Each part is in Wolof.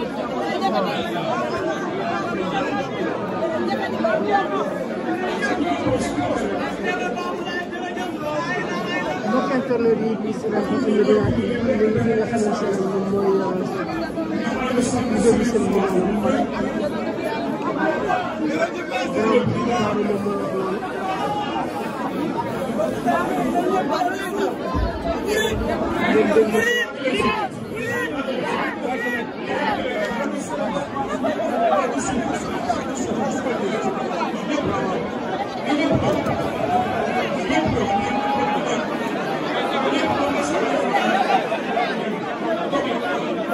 mbokk internet yi di si laaj bi ñu doon ati ñun ñi nga xamante ne moom mooy njëriñ seen mbokk yi. gannaaw bi Darou moom moo wax loolu. ñoom dégg nga.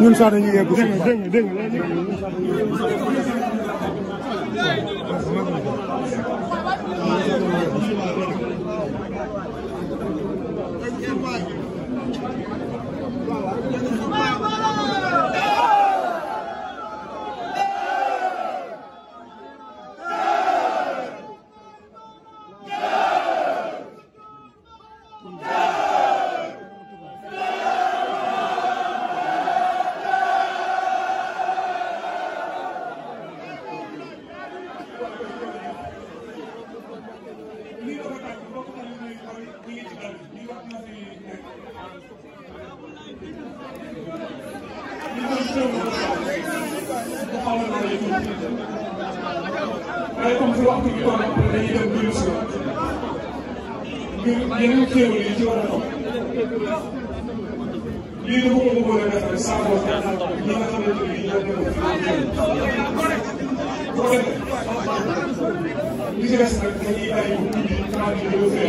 ñun sax dañuy yegg dégg nga dégg nga waaye comme si waxtu bi toll dañuy dem biir suuf ngir yeneen xéewal yi ci war a topp lii dafa ko bëggoon a def rek saa boo ñi nga xamante ni ñoo ko boo defee li ci des nag dañuy bàyyi bu guddi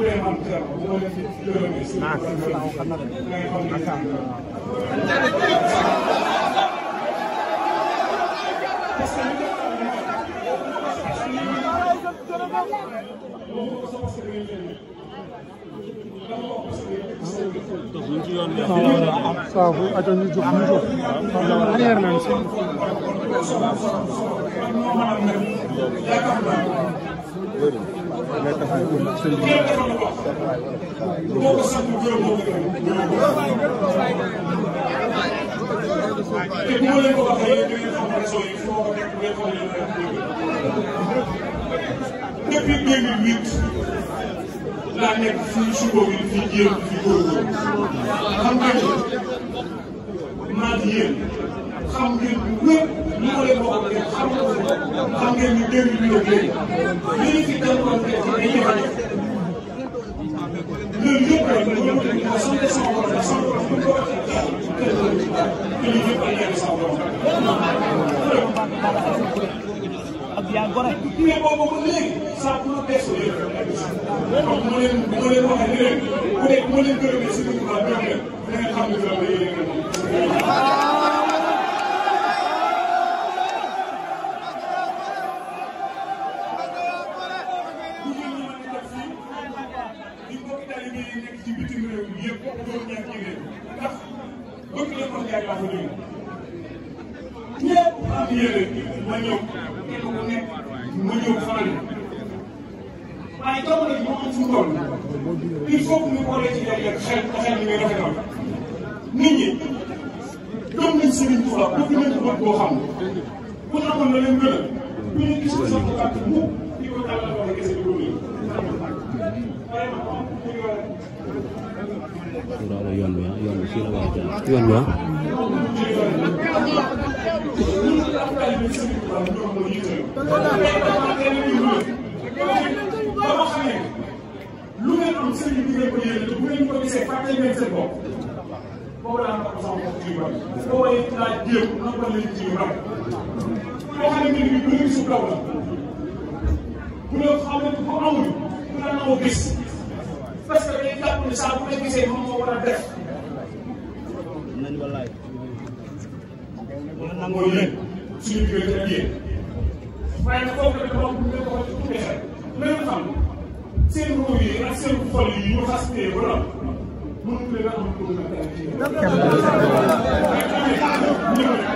bu dee man dara bu ma leen fi gërëmee suñu borom da ngay xam ne parce que li saabu aca ñu jóg ñu jóg arrière nañ si te bu ma leen ko waxee nekk ngeen xam ne depuis 2008 fi góorgóorlu xam nga maat yéen xam ngeen lu ma leen waxoon xam ngeen ni 2008 ak léegi li ñu fi ak yaa gore. kii boobu ba léegi saa bu la beesoo yëpp. donc bu ma leen bu ma leen waxee ni leen bu dee bu ma leen gërëmee si biir baax ñoom leen da ngeen xam ne vraiment yéen a ngi moom. ndax bëgg na ko jaay baaxul ñëpp am yéene ma ñëw ku nekk ma ñëw fanaan waaye jamono ji moom fu toll il faut que ñu xoolee ci yàlla ni muy rafetal nit ñi gëm nañ Serigne Touba bëgg nañ ko boo xam ku amoon na leen gën a ñu ne gis ko sax kàtt mu di ko tàllal wax kese di ko nuyu vraiment euh, yoon bi yoon bi fii la war lu ngeen am sëriñ bi ngeen ko yéene te bu ngeen ko gisee fàtte ngeen seen bopp boobu laa am sama bopp ci bari boo way laaj jéem na ko leen ci bari koo xam ne bi bu ñu gisul kaw la bu ne xam ne ko amul bu la nangoo gis parce que day jàpp ne saa bu la gisee moom moo war a def nangoo yéen suñu diggante ak yéen waaye nag foofu dafa am lu ñu ko ci tuddee xel même xam seen ruuj yi ak seen xol yi ñu xas tee ba lool mënuñu leen a am pour nga ci